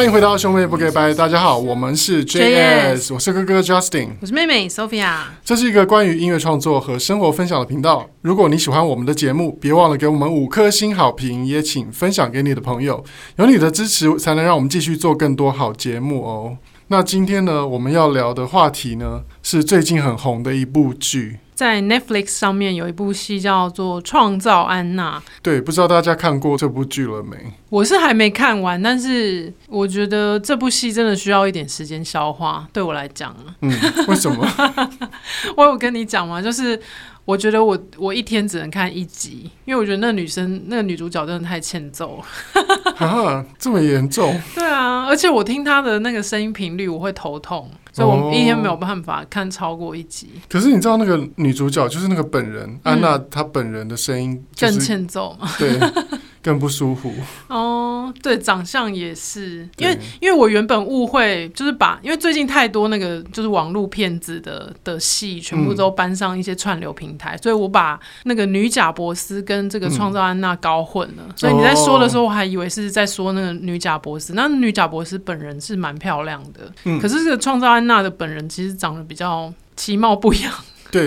歡迎回到兄妹不給掰，大家好，我們是 JS, J S，我是哥哥 Justin，我是妹妹 Sophia，這是一個關於音樂創作和生活分享的頻道。如果你喜歡我們的節目，別忘了給我們五顆星好評，也請分享給你的朋友。有你的支持，才能讓我們繼續做更多好節目哦。那今天呢，我們要聊的話題呢是最近很紅的一部劇，在 Netflix 上面有一部戲叫做《創造安娜》。對，不知道大家看過這部劇了沒？我是還沒看完，但是我覺得這部戲真的需要一點時間消化，對我來講。嗯，為什麼？ 我有跟你講嗎？就是我覺得我我一天只能看一集，因為我覺得那女生，那個女主角真的太欠揍了。哈、 啊，這麼嚴重？對啊。而且我聽她的那個聲音頻率，我會頭痛，所以我一天沒有辦法看超過一集。哦、可是你知道那個女主角就是那個本人、嗯、安娜，她本人的聲音、就是、更欠揍，對。 更不舒服哦、oh，對，長相也是，因為因為我原本誤會就是把，因為最近太多那個就是網絡騙子的的戲，全部都搬上一些串流平台，嗯、所以我把那個女賈伯斯跟這個創造安娜搞混了、嗯。所以你在說的時候，我還以為是在說那個女賈伯斯。那女賈伯斯本人是蠻漂亮的、嗯，可是這個創造安娜的本人其實長得比較其貌不揚。對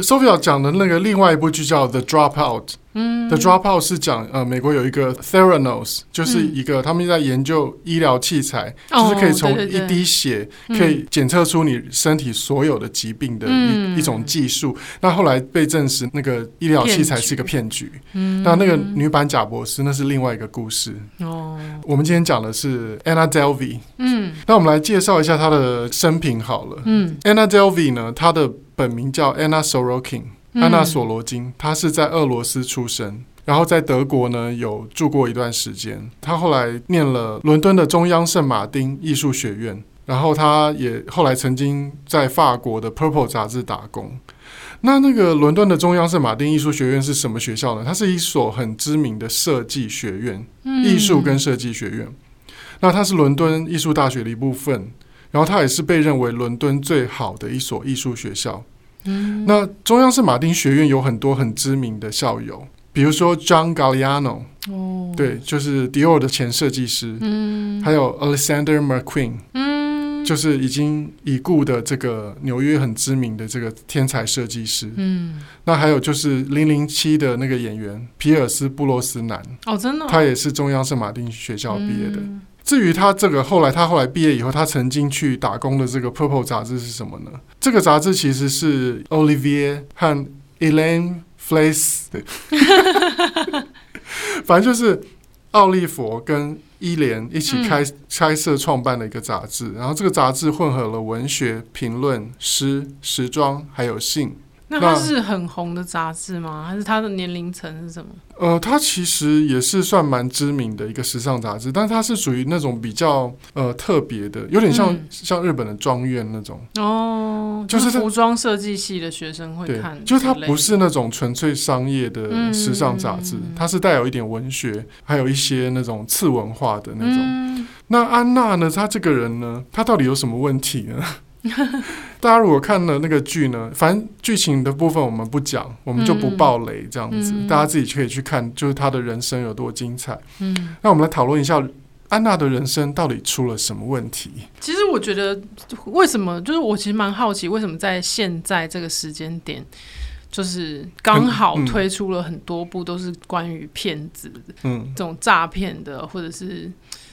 ，Sophia 講的那個另外一部劇叫《The Dropout》。The drop out，嗯，是講，呃，美國有一個 Theranos，就是一個、嗯、他們在研究醫療器材，嗯，就是可以從一滴血可以檢測出你身體所有的疾病的一、嗯、一種技術。那後來被證實，那個醫療器材是一個騙局。那、嗯、那個女版賈伯斯，那是另外一個故事。哦，我們今天講的是 Anna Delvey。嗯，那我們來介紹一下她的生平好了。嗯，Anna Delvey 呢，她的本名叫 Anna Sorokin。安娜索羅金，她是在俄羅斯出生、嗯，然後在德國呢有住過一段時間。她後來念了倫敦的中央聖馬丁藝術學院，然後她也後來曾經在法國的 Purple 雜誌打工。那那個倫敦的中央聖馬丁藝術學院是什麼學校呢？它是一所很知名的設計學院，嗯、藝術跟設計學院。那它是倫敦藝術大學的一部分，然後它也是被認為倫敦最好的一所藝術學校。嗯、那中央聖馬丁學院有很多很知名的校友，比如說 John Galliano，、哦、對，就是 Dior 的前設計師，嗯、還有 Alexander McQueen，、嗯、就是已經已故的這個紐約很知名的這個天才設計師，嗯、那還有就是《零零七》的那個演員皮爾斯·布洛斯南，哦哦、真的、他也是中央聖馬丁學校畢業的。嗯至於他這個後來，他後來畢業以後，他曾經去打工的這個《Purple》雜誌是什麼呢？這個雜誌其實是 Olivier 和 Elaine Fleiss，哈哈 哈 哈 哈。反正就是奧利佛跟伊蓮一起開、嗯、開設創辦的一個雜誌，然後這個雜誌混合了文學評論、詩、時裝還有性。那它是很紅的雜誌嗎？還是它的年齡層是什麼？呃，它其實也是算蠻知名的一個時尚雜誌，但是它是屬於那種比較呃特別的，有點像、嗯、像日本的莊院那種哦，就是、就是、服裝設計系的學生會看的，就是它不是那種純粹商業的時尚雜誌，它、嗯、是帶有一點文學，還有一些那種次文化的那種。嗯、那安娜呢？她這個人呢？她到底有什麼問題呢？ 大家如果看了那個劇呢，反正劇情的部分我們不講，我們就不爆雷這樣子，嗯嗯嗯、大家自己可以去看，就是他的人生有多精彩。嗯，那我們來討論一下安娜的人生到底出了什麼問題？其實我覺得，為什麼就是我其實蠻好奇，為什麼在現在這個時間點，就是剛好推出了很多部都是關於騙子的嗯、嗯，這種詐騙的，或者是。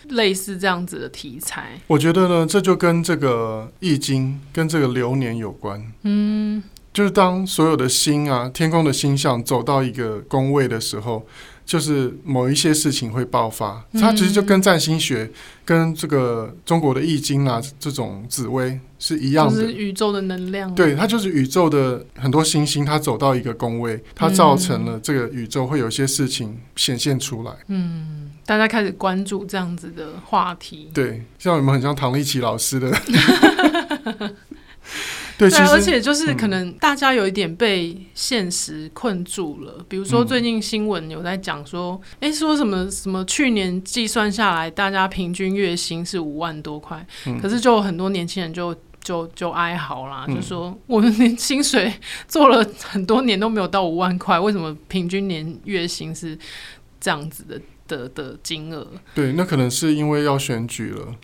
類似這樣子的題材，我覺得呢，這就跟這個易經跟這個流年有關。嗯，就是當所有的星啊，天空的星象走到一個宮位的時候。就是某一些事情會爆發，嗯，它其實就跟占星學、跟這個中國的易經啊這種紫微是一樣的，就是宇宙的能量，啊。對，它就是宇宙的很多行星、星，它走到一個宮位，它造成了這個宇宙會有些事情顯現出來。嗯，大家開始關注這樣子的話題。對，像你們很像唐立淇老師的。 對，而且就是可能大家有一點被現實困住了。嗯、比如說，最近新聞有在講說，誒、嗯欸，說什麼什麼？去年計算下來，大家平均月薪是五萬多塊、嗯，可是就很多年輕人就就就哀嚎啦，嗯、就說我們年薪水做了很多年都沒有到五萬塊，為什麼平均年月薪是這樣子的的的金額？對，那可能是因為要選舉了，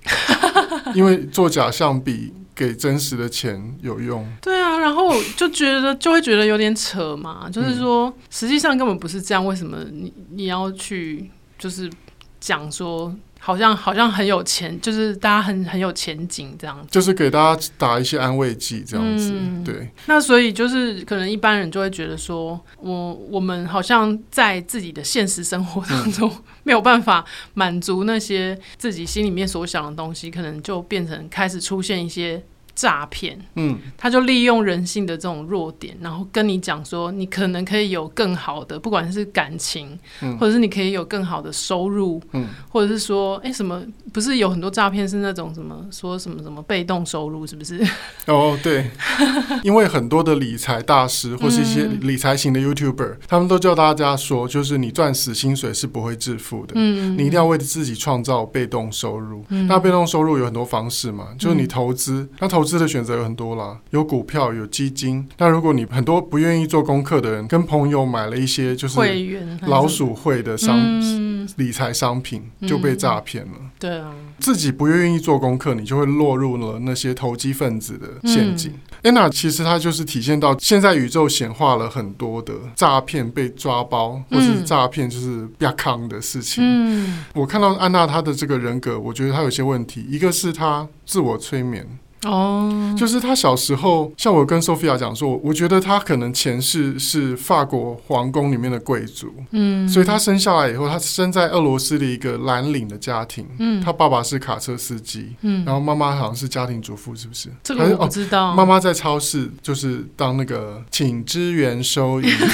因為做假象比。給真實的錢有用？對啊，然後就覺得就會覺得有點扯嘛，就是說實際上根本不是這樣，為什麼你你要去就是講說？好像好像很有錢，就是大家很很有前景這樣子，就是給大家打一些安慰劑這樣子，嗯，對。那所以就是可能一般人就會覺得說，我我們好像在自己的現實生活當中 沒有辦法滿足那些自己心裡面所想的東西，可能就變成開始出現一些。詐騙，嗯，他就利用人性的這種弱點，然後跟你講說，你可能可以有更好的，不管是感情，嗯，或者是你可以有更好的收入，嗯，或者是說，哎，什麼？不是有很多詐騙是那種什麼說什麼什麼被動收入，是不是？哦，對， 因為很多的理財大師或是一些理財型的 YouTuber，、嗯、他們都教大家說，就是你賺死薪水是不會致富的，嗯，你一定要為自己創造被動收入。嗯、那被動收入有很多方式嘛，就是你投資，嗯、那投投資的選擇有很多啦，有股票，有基金。但如果你很多不願意做功課的人，跟朋友買了一些就是會老鼠會的商會、嗯、理財商品，嗯、就被詐騙了。對啊，自己不願意做功課，你就會落入了那些投機分子的陷阱。安、嗯、娜其實她就是體現到現在宇宙顯化了很多的詐騙被抓包，嗯、或是詐騙就是亞康的事情、嗯。我看到安娜她的這個人格，我覺得她有些問題。一個是她自我催眠。哦、oh.，就是他小時候，像我跟 Sophia 講說，我覺得他可能前世是法國皇宮裡面的貴族，嗯，所以他生下來以後，他生在俄羅斯的一個藍領的家庭，嗯，他爸爸是卡車司機，嗯，然後媽媽好像是家庭主婦，是不是？嗯、這個我知道，媽、哦、媽在超市就是當那個請支援收銀。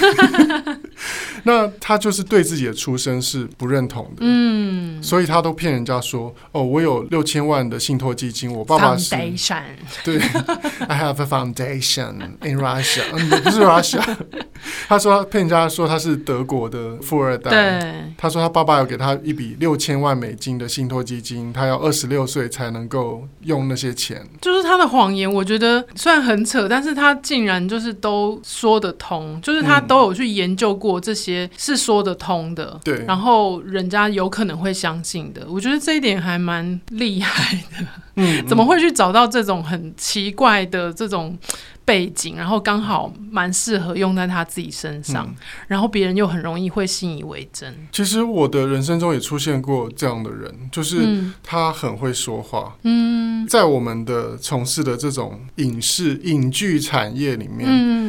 那他就是對自己的出身是不認同的，嗯，所以他都騙人家說：“哦，我有六千萬的信托基金，我爸爸是。” Foundation 對 ，I have a foundation in Russia，嗯，不是 Russia。 他說他騙人家說他是德國的富二代。對，他說他爸爸有給他一筆六千萬美金的信托基金，他要二十六歲才能夠用那些錢。就是他的謊言，我覺得雖然很扯，但是他竟然就是都說得通，就是他都有去研究過這些。是說得通的，對，然後人家有可能會相信的。我覺得這一點還蠻厲害的。嗯，怎麼會去找到這種很奇怪的這種背景，然後剛好蠻適合用在他自己身上，嗯、然後別人又很容易會信以為真。其實我的人生中也出現過這樣的人，就是他很會說話。嗯，在我們的從事的這種影視影劇產業裡面，嗯。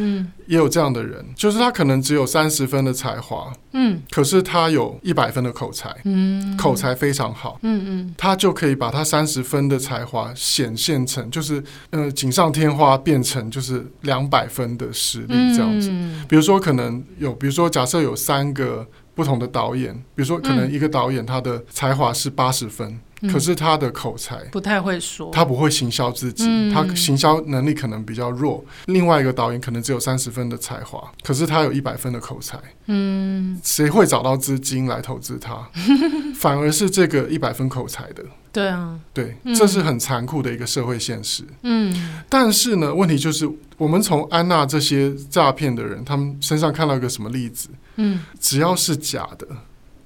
也有這樣的人，就是他可能只有三十分的才華，嗯，可是他有一百分的口才，嗯，口才非常好，嗯嗯，他就可以把他三十分的才華顯現成，就是嗯呃、錦上添花，變成就是兩百分的實力這樣子。嗯、比如說，可能有，比如說假設有三個不同的導演，比如說可能一個導演他的才華是八十分。嗯、可是他的口才不太會說，他不會行銷自己，嗯、他行銷能力可能比較弱，嗯。另外一個導演可能只有三十分的才華，可是他有一百分的口才，嗯，誰會找到資金來投資他？ 反而是這個一百分口才的，對啊，對，嗯、這是很殘酷的一個社會現實。嗯，但是呢，問題就是我們從安娜這些詐騙的人他們身上看到一個什麼例子？嗯、只要是假的，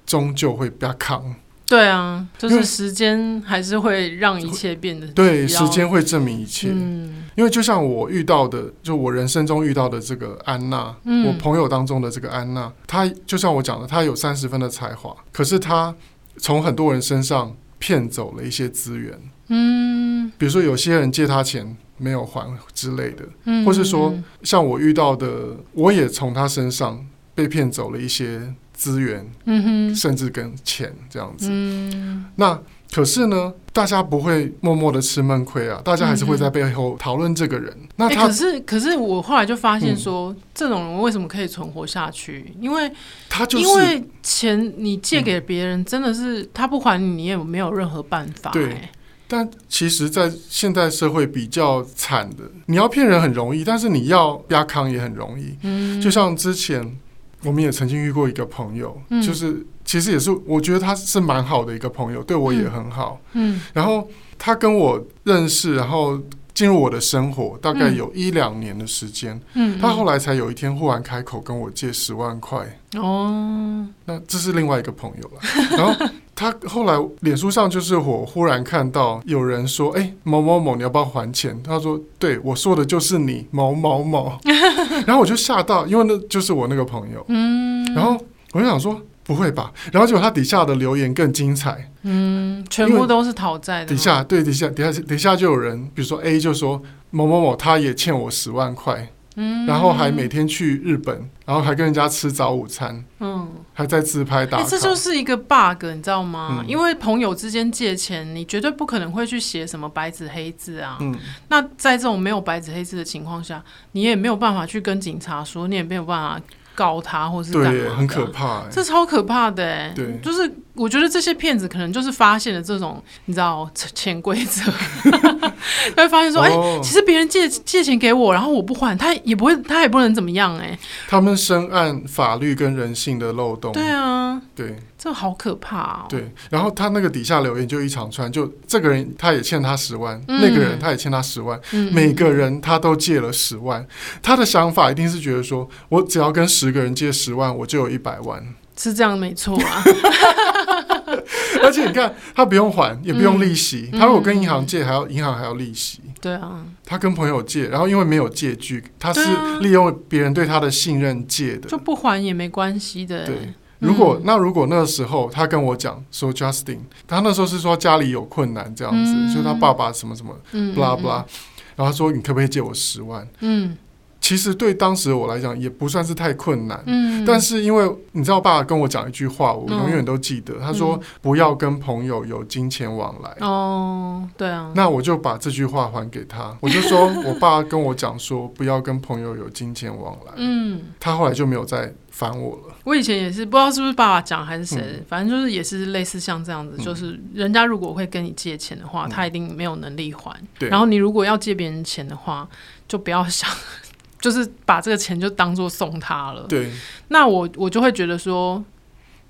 終究會被坑。對啊，就是時間還是會讓一切變得。對，時間會證明一切。嗯，因為就像我遇到的，就我人生中遇到的這個安娜，嗯、我朋友當中的這個安娜，她就像我講的，她有三十分的才華，可是她從很多人身上騙走了一些資源。嗯，比如說有些人借她錢沒有還之類的，嗯、或是說像我遇到的，我也從她身上被騙走了一些。資源、嗯哼，甚至跟錢這樣子、嗯。那可是呢，大家不會默默的吃悶虧啊，大家還是會在背後討論這個人。嗯、那他、欸、可是，可是我後來就發現說、嗯，這種人為什麼可以存活下去？因為他就是因為錢，你借給別人、嗯、真的是他不還你，你也沒有任何辦法、欸。對，但其實，在現代社會比較慘的，你要騙人很容易，但是你要壓康也很容易。嗯，就像之前。我們也曾經遇過一個朋友，嗯、就是其實也是我覺得他是蠻好的一個朋友、嗯，對我也很好。嗯，然後他跟我認識，然後進入我的生活、嗯、大概有一兩年的時間。嗯，他後來才有一天忽然開口跟我借十萬塊。哦、嗯，那這是另外一個朋友了、哦。然後他後來臉書上就是我忽然看到有人說：“哎、 欸，某某某，你要不要還錢？”他說：“對，我說的就是你，某某某。 ”然後我就嚇到，因為那就是我那個朋友。嗯，然後我就想說，不會吧？然後結果他底下的留言更精彩。嗯，全部都是討債的。底下對，底下底下底下就有人，比如說 A 就說某某某，他也欠我十萬塊。嗯、然後還每天去日本，然後還跟人家吃早午餐，嗯，還在自拍打卡、欸。這就是一個 bug，你知道嗎？嗯、因為朋友之間借錢，你絕對不可能會去寫什麼白紙黑字啊，嗯。那在這種沒有白紙黑字的情況下，你也沒有辦法去跟警察說，你也沒有辦法。搞他或者是對，很可怕、欸。這是超可怕的、欸，哎，對，就是我覺得這些騙子可能就是發現了這種你知道潛規則，他 會發現說，哎、哦欸，其實別人借借錢給我，然後我不還，他也不會，他也不能怎麼樣、欸，哎，他們深諳法律跟人性的漏洞。對啊，對。這好可怕、哦！對，然後他那個底下留言就一長串，就這個人他也欠他十萬，嗯、那個人他也欠他十萬、嗯，每個人他都借了十萬，嗯、他的想法一定是覺得說我只要跟十個人借十萬，我就有一百萬，是這樣沒錯啊 。 而且你看他不用還，也不用利息，嗯、他如果跟銀行借，還要銀行還要利息。對、嗯、啊，他跟朋友借，然後因為沒有借據，他是利用別人對他的信任借的，啊、就不還也沒關係的。對。如果、嗯、那如果那個時候他跟我講說、so、Justin，他那時候是說家裡有困難這樣子，嗯、就他爸爸什麼什麼，嗯，blah blah，嗯嗯然後他說你可不可以借我十萬？嗯。其實對當時我來講也不算是太困難，嗯，但是因為你知道，爸爸跟我講一句話，我永遠都記得。嗯、他說：“不要跟朋友有金錢往來。”哦，對啊。那我就把這句話還給他，哦啊、我就說我爸跟我講說：“不要跟朋友有金錢往來。”嗯，他後來就沒有再煩我了。我以前也是不知道是不是爸爸講還是誰、嗯，反正就是也是類似像這樣子，嗯、就是人家如果會跟你借錢的話、嗯，他一定沒有能力還。對。然後你如果要借別人錢的話，就不要想。就是把這個錢就當做送他了。對。那我我就會覺得說，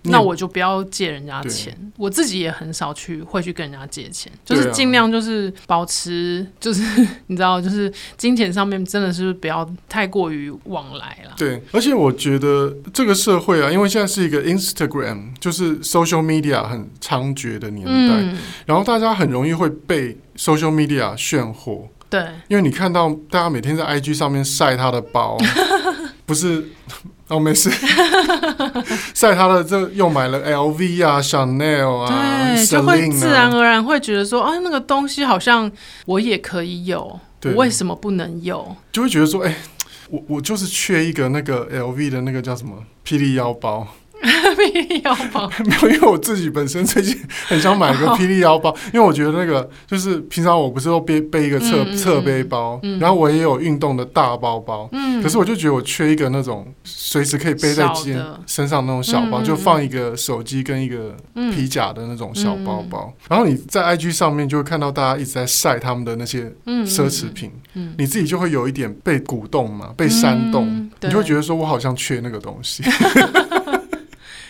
那我就不要借人家錢，我自己也很少去會去跟人家借錢，啊、就是盡量就是保持就是你知道，就是金錢上面真的是不要太過於往來了。對，而且我覺得這個社會啊，因為現在是一個 Instagram 就是 Social Media 很猖獗的年代，嗯、然後大家很容易會被 Social Media 炫火。對，因為你看到大家每天在 IG 上面曬他的包， 不是哦，沒事，曬 他的這又買了 LV 啊 ，Chanel 啊，對，就會自然而然會覺得說，哎、 哦，那個東西好像我也可以有，我為什麼不能有？就會覺得說，哎、欸，我我就是缺一個那個 LV 的那個叫什麼霹靂腰包。霹 靂力腰包， 沒有，因為我自己本身最近很想買個霹靂腰包，oh, 因為我覺得那個就是平常我不是都背背一個側側、嗯嗯、背包、嗯，然後我也有運動的大包包、嗯，可是我就覺得我缺一個那種隨時可以背在肩身上那種小包小、嗯，就放一個手機跟一個皮夾的那種小包包、嗯。然後你在 IG 上面就會看到大家一直在曬他們的那些奢侈品、嗯嗯，你自己就會有一點被鼓動嘛，被煽動，嗯、你就會覺得說我好像缺那個東西。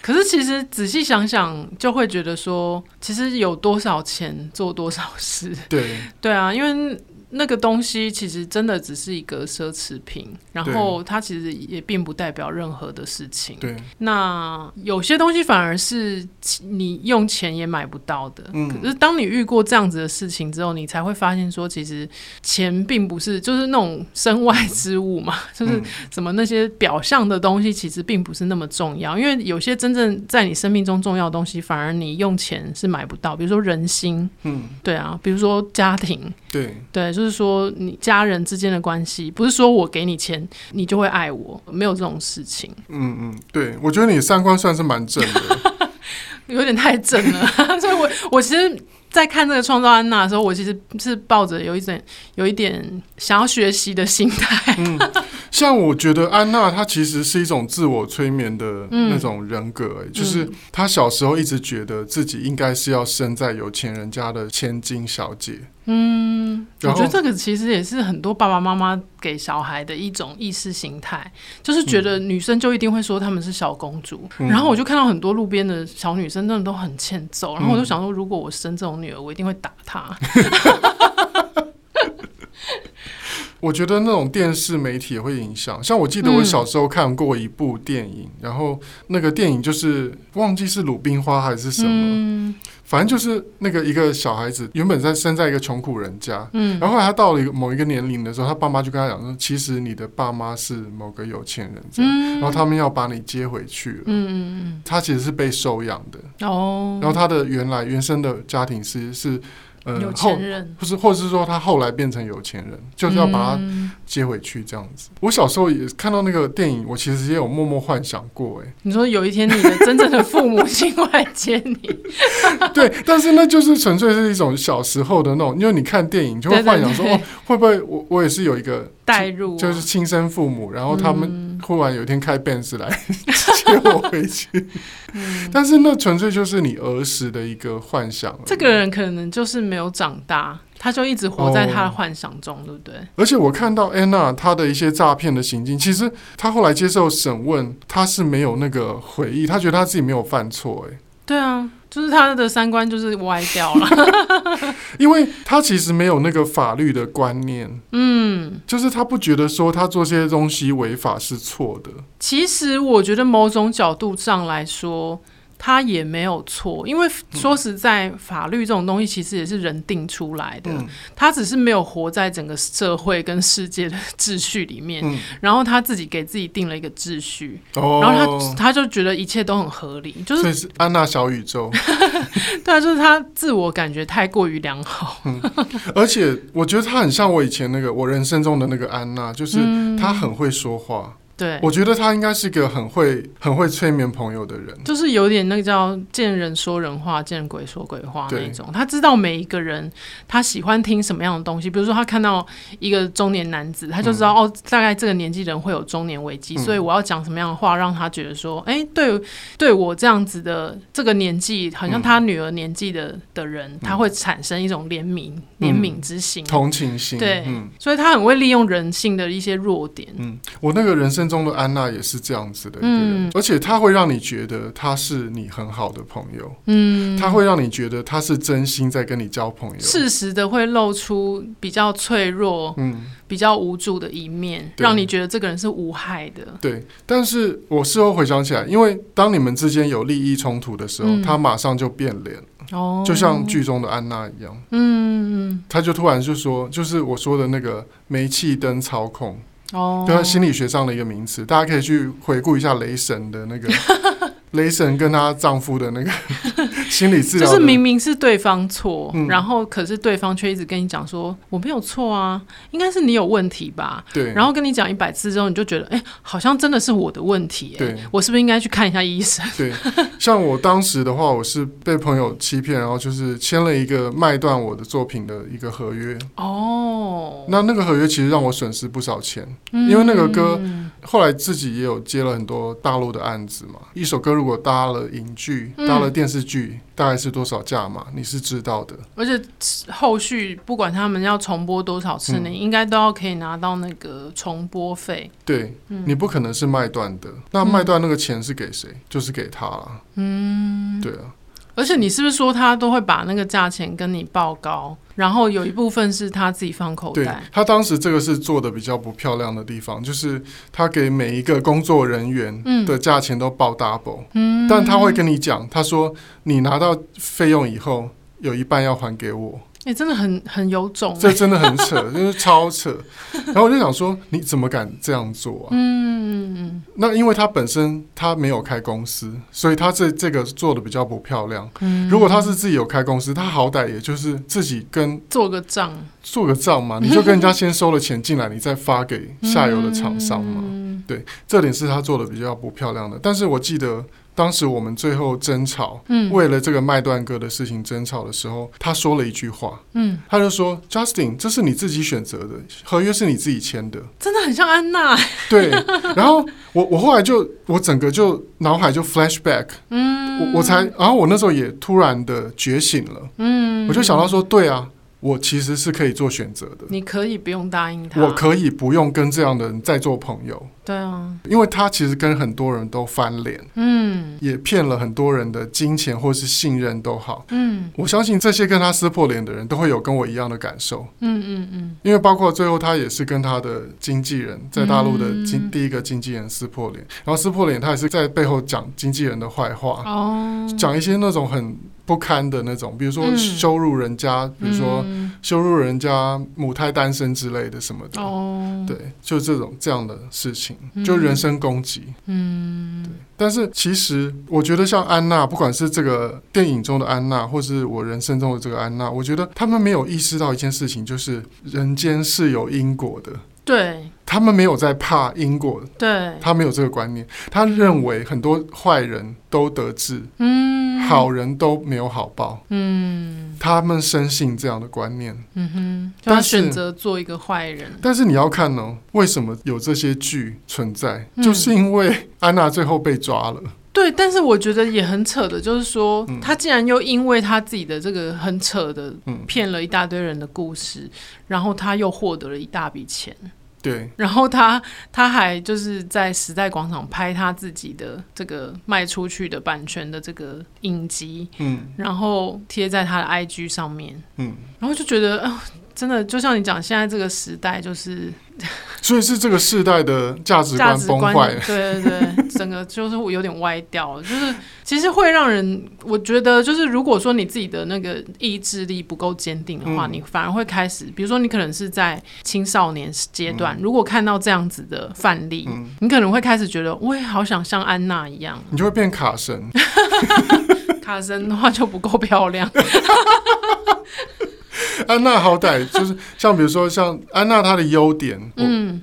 可是，其實仔細想想，就會覺得說，其實有多少錢做多少事。對。對 對啊，因為。那個東西其實真的只是一個奢侈品，然後它其實也並不代表任何的事情。對，那有些東西反而是你用錢也買不到的。嗯。可是當你遇過這樣子的事情之後，你才會發現說，其實錢並不是就是那種身外之物嘛，嗯，就是什麼那些表象的東西，其實並不是那麼重要。因為有些真正在你生命中重要的東西，反而你用錢是買不到。比如說人心，嗯，對啊，比如說家庭，對對。就是說，你家人之間的關係，不是說我給你錢，你就會愛我，沒有這種事情。嗯嗯，對，我覺得你三觀算是蠻正的， 有點太正了。 所以我，我我其實，在看這個《創造安娜》的時候，我其實是抱着有一種，有一點想要學習的心態。嗯。 像我覺得安娜她其實是一種自我催眠的那種人格，欸，嗯，就是她小時候一直覺得自己應該是要生在有錢人家的千金小姐。嗯，我覺得這個其實也是很多爸爸媽媽給小孩的一種意識形態，就是覺得女生就一定會說她們是小公主，嗯。然後我就看到很多路邊的小女生，真的都很欠揍。然後我就想說，如果我生這種女兒，我一定會打她。 我覺得那種電視媒體也會影響。像我記得我小時候看過一部電影，嗯、然後那個電影就是忘記是《魯冰花》還是什麼、嗯，反正就是那個一個小孩子原本在生在一個窮苦人家，嗯、然後後來他到了一個某一個年齡的時候，他爸媽就跟他講說，其實你的爸媽是某個有錢人，這樣、嗯，然後他們要把你接回去了，嗯、他其實是被收養的、哦，然後他的原來原生的家庭其實是，是有錢人、呃，不是，或者，或者是說他後來變成有錢人，就是要把他接回去這樣子。嗯、我小時候也看到那個電影，我其實也有默默幻想過、欸。哎，你說有一天你的真正的父母親來接你 ， 對，但是那就是純粹是一種小時候的那種，因為，就是你看電影就會幻想說，對對對哦、會不會我我也是有一個。代入就是親生父母、啊，然後他們忽然有一天開 Benz 來 接我回去， 嗯、但是那純粹就是你兒時的一個幻想。這個人可能就是沒有長大，他就一直活在他的幻想中，哦、對不對？而且我看到安娜她的一些詐騙的行徑，其實她後來接受審問，她是沒有那個回憶，她覺得她自己沒有犯錯誒，哎。對啊，就是他的三觀就是歪掉了 ， 因為他其實沒有那個法律的觀念，嗯，就是他不覺得說他做這些東西違法是錯的。其實我覺得某種角度上來說。他也沒有錯，因為說實在、嗯，法律這種東西其實也是人定出來的、嗯。他只是沒有活在整個社會跟世界的秩序裡面，嗯、然後他自己給自己定了一個秩序，哦、然後他他就覺得一切都很合理，就是，所以是安娜小宇宙。對， 就是他自我感覺太過於良好。 而且我覺得他很像我以前那個我人生中的那個安娜，就是他很會說話。嗯 對，我覺得他應該是個很會很會催眠朋友的人，就是有點那個叫見人說人話，見鬼說鬼話那種對。他知道每一個人他喜歡聽什麼樣的東西，比如說他看到一個中年男子，他就知道、嗯、哦，大概這個年紀人會有中年危機、嗯，所以我要講什麼樣的話，讓他覺得說，哎、嗯欸，對，對我這樣子的這個年紀，好像他女兒年紀的、嗯、的人，他會產生一種憐憫憐憫之心、同情心。對、嗯，所以他很會利用人性的一些弱點。嗯，我那個人生。中的安娜也是這樣子的，嗯，而且他會讓你覺得他是你很好的朋友，嗯，他會讓你覺得他是真心在跟你交朋友，適時的會露出比較脆弱、嗯，比較無助的一面，讓你覺得這個人是無害的，對。但是，我事後回想起來，因為當你們之間有利益衝突的時候，嗯，他馬上就變臉，哦，就像劇中的安娜一樣，嗯嗯，他就突然就說，就是我說的那個煤氣燈操控。哦，就他，心理學上的一個名詞，大家可以去回顧一下雷神的那個， 雷神跟她丈夫的那個。 心理治療就是明明是對方錯，嗯，然後可是對方卻一直跟你講說，嗯、我沒有錯啊，應該是你有問題吧？對，然後跟你講一百次之後，你就覺得哎，好像真的是我的問題，欸。對，我是不是應該去看一下醫生？對， 像我當時的話，我是被朋友欺騙，然後就是簽了一個賣斷我的作品的一個合約。哦，那那個合約其實讓我損失不少錢，嗯、因為那個歌。後來自己也有接了很多大陸的案子嘛。一首歌如果搭了影劇、搭了電視劇、嗯，大概是多少價嘛？你是知道的。而且後續不管他們要重播多少次，嗯、你應該都要可以拿到那個重播費。對、嗯，你不可能是賣斷的。那賣斷那個錢是給誰、嗯？就是給他了。嗯，對啊。而且你是不是說他都會把那個價錢跟你報高，然後有一部分是他自己放口袋？對，他當時這個是做的比較不漂亮的地方，就是他給每一個工作人員的價錢都報 double，、嗯嗯、但他會跟你講，他說你拿到費用以後有一半要還給我。也、欸、真的很很有種、欸，這真的很扯， 就是超扯。然後我就想說，你怎麼敢這樣做啊？嗯，那因為他本身他沒有開公司，所以他這這個做的比較不漂亮、嗯。如果他是自己有開公司，他好歹也就是自己跟做個賬，做個賬嘛，你就跟人家先收了錢進來， 你再發給下游的廠商嘛、嗯。對，這點是他做的比較不漂亮的。但是我記得。當時我們最後爭吵，嗯，為了這個賣斷歌的事情爭吵的時候，他說了一句話，嗯，他就說：“Justin，這是你自己選擇的，合約是你自己簽的。”真的很像安娜欸。對。然後 我我後來就我整個就腦海就 flashback，嗯，我，我才然後我那時候也突然的覺醒了，嗯，我就想到說，對啊，我其實是可以做選擇的，你可以不用答應他，我可以不用跟這樣的人再做朋友。對啊，因為他其實跟很多人都翻臉，嗯，也騙了很多人的金錢或是信任都好，嗯，我相信這些跟他撕破臉的人都會有跟我一樣的感受，嗯嗯嗯，因為包括最後他也是跟他的經紀人，在大陸的經、嗯、第一個經紀人撕破臉，然後撕破臉他也是在背後講經紀人的壞話，哦，講一些那種很不堪的那種，比如說羞辱人家，嗯、比如說羞辱人家母胎單身之類的什麼的，哦，對，就這種這樣的事情。就人身攻擊，嗯，嗯，對。但是其實，我覺得像安娜，不管是這個電影中的安娜，或是我人生中的這個安娜，我覺得他們沒有意識到一件事情，就是人間是有因果的，嗯嗯嗯。對。他們沒有在怕因果，對他沒有這個觀念，他認為很多壞人都得志，嗯，好人都沒有好報，嗯，他們深信這樣的觀念，嗯哼，他選擇做一個壞人。但是，但是你要看哦，為什麼有這些劇存在，嗯？就是因為安娜最後被抓了。對，但是我覺得也很扯的，就是說，嗯，他竟然又因為他自己的這個很扯的騙了一大堆人的故事，嗯，然後他又獲得了一大筆錢。對，然後他他還就是在時代廣場拍他自己的這個賣出去的版權的這個影集，嗯，然後貼在他的 IG 上面，嗯，然後就覺得啊，呃，真的就像你講，現在這個時代就是。所以是這個世代的價值觀崩壞，對對對， 整個就是有點歪掉了，就是其實會讓人，我覺得就是如果說你自己的那個意志力不夠堅定的話、嗯，你反而會開始，比如說你可能是在青少年階段、嗯，如果看到這樣子的範例、嗯，你可能會開始覺得，我也好想像安娜一樣，你就會變卡神， 卡神的話就不夠漂亮。 安娜好歹就是像，比如說像安娜她的優點，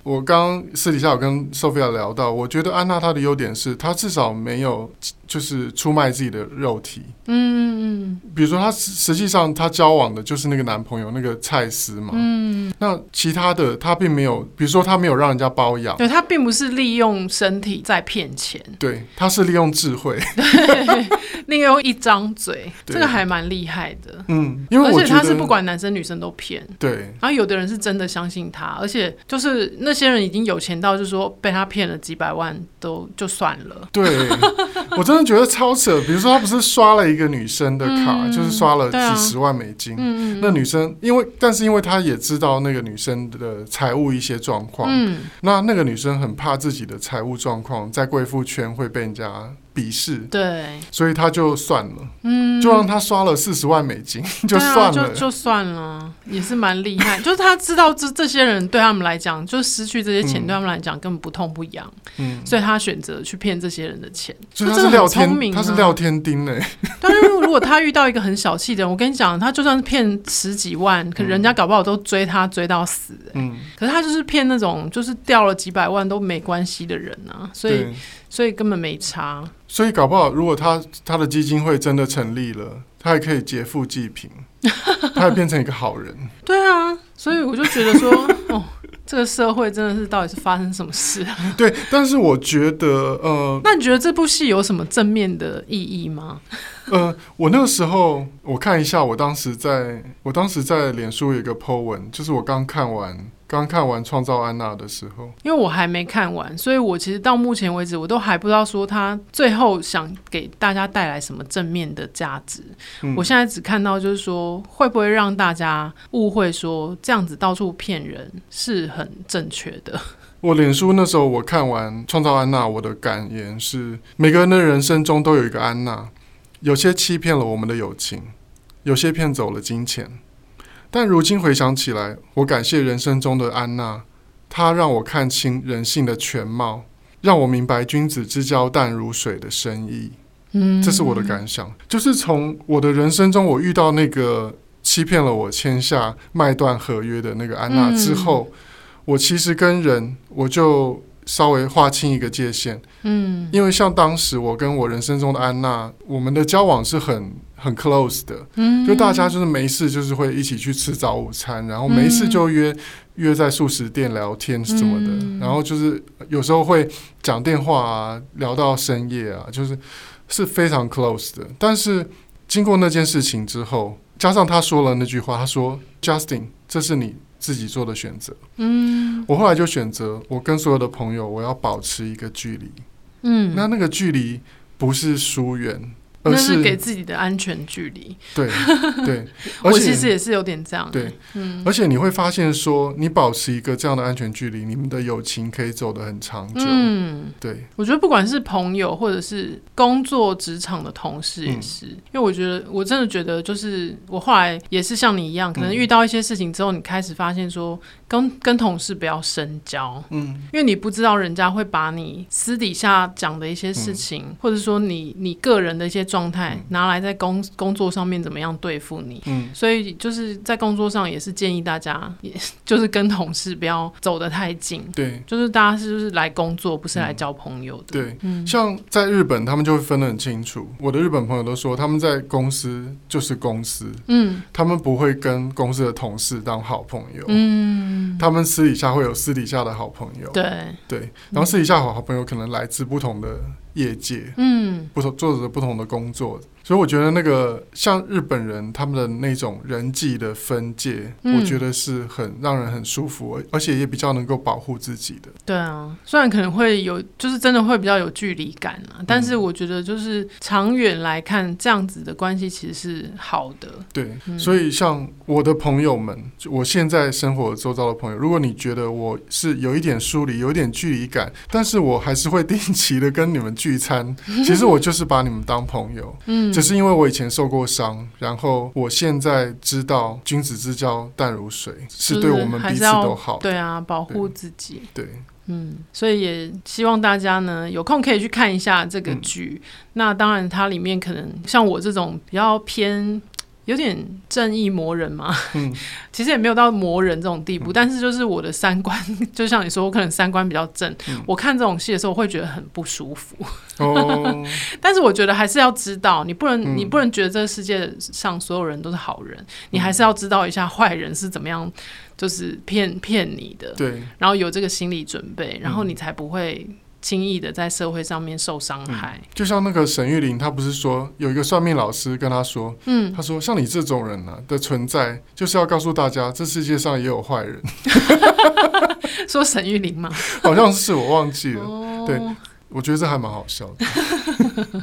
我我剛私底下有跟 Sophia 聊到，我覺得安娜她的優點是她至少沒有。就是出賣自己的肉體，嗯嗯，比如說她實際上她交往的就是那個男朋友，那個蔡司嘛，嗯，那其他的她並沒有，比如說她沒有讓人家包養，對，她並不是利用身體在騙錢，對，她是利用智慧，那個用一張嘴，這個還蠻厲害的，嗯，因為我覺得而且他是不管男生女生都騙，對，然後有的人是真的相信他，而且就是那些人已經有錢到就是說被他騙了幾百萬都就算了，對，我真的。覺得超扯，比如說他不是刷了一個女生的卡，嗯、就是刷了幾十萬美金，嗯。那女生因為，但是因為他也知道那個女生的財務一些狀況，嗯，那那個女生很怕自己的財務狀況在貴婦圈會被人家。鄙視，對，所以他就算了，嗯，就讓他刷了四十萬美金，就算了，啊、就，就算了， 也是蠻厲害。就是他知道這這些人對他們來講， 就是失去這些錢對他們來講、嗯、根本不痛不癢，嗯，所以他選擇去騙這些人的錢，就真的很聰明、啊、他是廖天丁呢、欸？ 但是如果他遇到一個很小氣的，人，我跟你講，他就算是騙十幾萬，可人家搞不好都追他追到死、欸，嗯。可是他就是騙那種就是掉了幾百萬都沒關係的人啊，所以。所以根本沒差，所以搞不好，如果他他的基金會真的成立了，他還可以劫富濟貧， 他還變成一個好人。對啊，所以我就覺得說， 哦，這個社會真的是到底是發生什麼事了？對，但是我覺得，呃， 那你覺得這部戲有什麼正面的意義嗎？ 呃，我那個時候我看一下我當時在，我當時在我當時在臉書有一個 po 文，就是我剛看完。剛看完《創造安娜》的時候，因為我還沒看完，所以我其實到目前為止，我都還不知道說他最後想給大家帶來什麼正面的價值。嗯，我現在只看到就是說，會不會讓大家誤會說這樣子到處騙人是很正確的？我臉書那時候我看完《創造安娜》，我的感言是：每個人的人生中都有一個安娜，有些欺騙了我們的友情，有些騙走了金錢。但如今回想起來，我感謝人生中的安娜，她讓我看清人性的全貌，讓我明白君子之交淡如水的深意。嗯，這是我的感想，就是從我的人生中，我遇到那個欺騙了我、簽下賣斷合約的那個安娜之後，嗯，我其實跟人我就稍微劃清一個界限。嗯，因為像當時我跟我人生中的安娜，我們的交往是很。很 close 的，嗯，就大家就是沒事就是會一起去吃早午餐，然後沒事就約、嗯、約在素食店聊天什麼的，嗯，然後就是有時候會講電話啊，聊到深夜啊，就是是非常 close 的。但是經過那件事情之後，加上他說了那句話，他說 Justin，這是你自己做的選擇。嗯，我後來就選擇我跟所有的朋友我要保持一個距離。嗯，那那個距離不是疏遠。那是，是給自己的安全距離。對對呵呵，我其實也是有點這樣欸。對，嗯。而且你會發現說你保持一個這樣的安全距離，你們的友情可以走得很長久。嗯，對。我覺得不管是朋友，或者是工作職場的同事也是，嗯，因為我覺得我真的覺得，就是我後來也是像你一樣，可能遇到一些事情之後，你開始發現說跟，跟，嗯，跟同事不要深交，嗯，因為你不知道人家會把你私底下講的一些事情，嗯，或者說你你個人的一些。狀態、嗯、拿來在工工作上面怎麼樣對付你？嗯，所以就是在工作上也是建議大家，也就是跟同事不要走得太近。對，就是大家是是來工作，不是來交朋友的。嗯、對、嗯，像在日本，他們就會分得很清楚。我的日本朋友都說，他們在公司就是公司，嗯，他們不會跟公司的同事當好朋友。嗯，他們私底下會有私底下的好朋友。對對，然後私底下好好朋友可能來自不同的。業界，嗯，不同做着不同的工作。所以我覺得那個像日本人他們的那種人際的分界、嗯，我覺得是很讓人很舒服，而且也比較能夠保護自己的。對啊，雖然可能會有，就是真的會比較有距離感啊，但是我覺得就是長遠來看，這樣子的關係其實是好的、嗯。對，所以像我的朋友們，我現在生活周遭的朋友，如果你覺得我是有一點疏離、有一點距離感，但是我還是會定期的跟你們聚餐。其實我就是把你們當朋友。嗯。嗯只是因為我以前受過傷，然後我現在知道君子之交淡如水是，是對我們彼此還是都好的。對啊，保護自己對對。對，嗯，所以也希望大家呢有空可以去看一下這個劇、嗯。那當然，它裡面可能像我這種比較偏。有點正義魔人嗎？嗯，其實也沒有到魔人這種地步，嗯，但是就是我的三觀，就像你說，我可能三觀比較正，嗯，我看這種戲的時候會覺得很不舒服。哦。 但是我覺得還是要知道，你不能，嗯，你不能覺得這個世界上所有人都是好人，嗯，你還是要知道一下壞人是怎麼樣，就是騙騙你的。對，然後有這個心理準備，然後你才不會。輕易的在社會上面受傷害、嗯，就像那個沈玉琳，她不是說有一個算命老師跟她說，嗯她說，他說像你這種人呢、啊、的存在，就是要告訴大家，這世界上也有壞人。 說沈玉琳嗎？好像是，我忘記了。哦、對，我覺得這還蠻好笑的。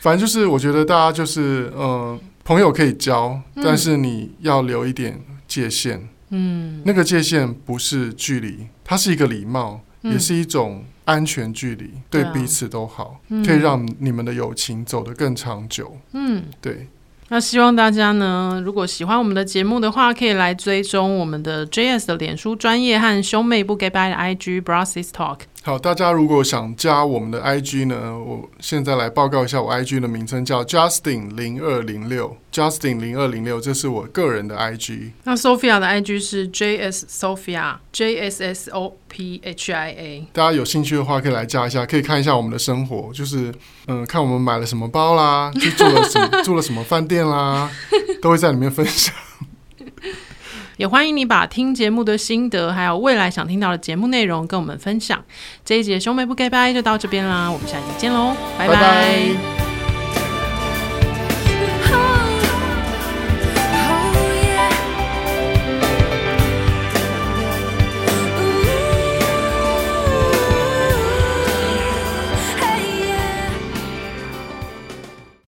反正就是，我覺得大家就是，嗯、呃，朋友可以交，嗯、但是你要留一點界限。嗯，那個界限不是距離，它是一個禮貌，也是一種。安全距離對彼此都好、啊嗯，可以讓你們的友情走得更長久。嗯，對。那希望大家呢，如果喜歡我們的節目的話，可以來追蹤我們的 JS 的臉書專業和兄妹不給拜的 IG BroSisTalk。好，大家如果想加我們的 IG 呢，我現在來報告一下我 IG 的名稱叫 Justin 零二零六，Justin 零二零六，這是我個人的 IG。那 Sophia 的 IG 是 JS Sophia, J S Sophia，J S S O P H I A。大家有興趣的話可以來加一下，可以看一下我們的生活，就是嗯，看我們買了什麼包啦，去住了什，住了什麼飯 店啦，都會在裡面分享。也歡迎你把聽節目的心得，還有未來想聽到的節目內容跟我們分享。這一集兄妹不該拜，就到這邊啦，我們下期見嘍，拜拜。拜拜。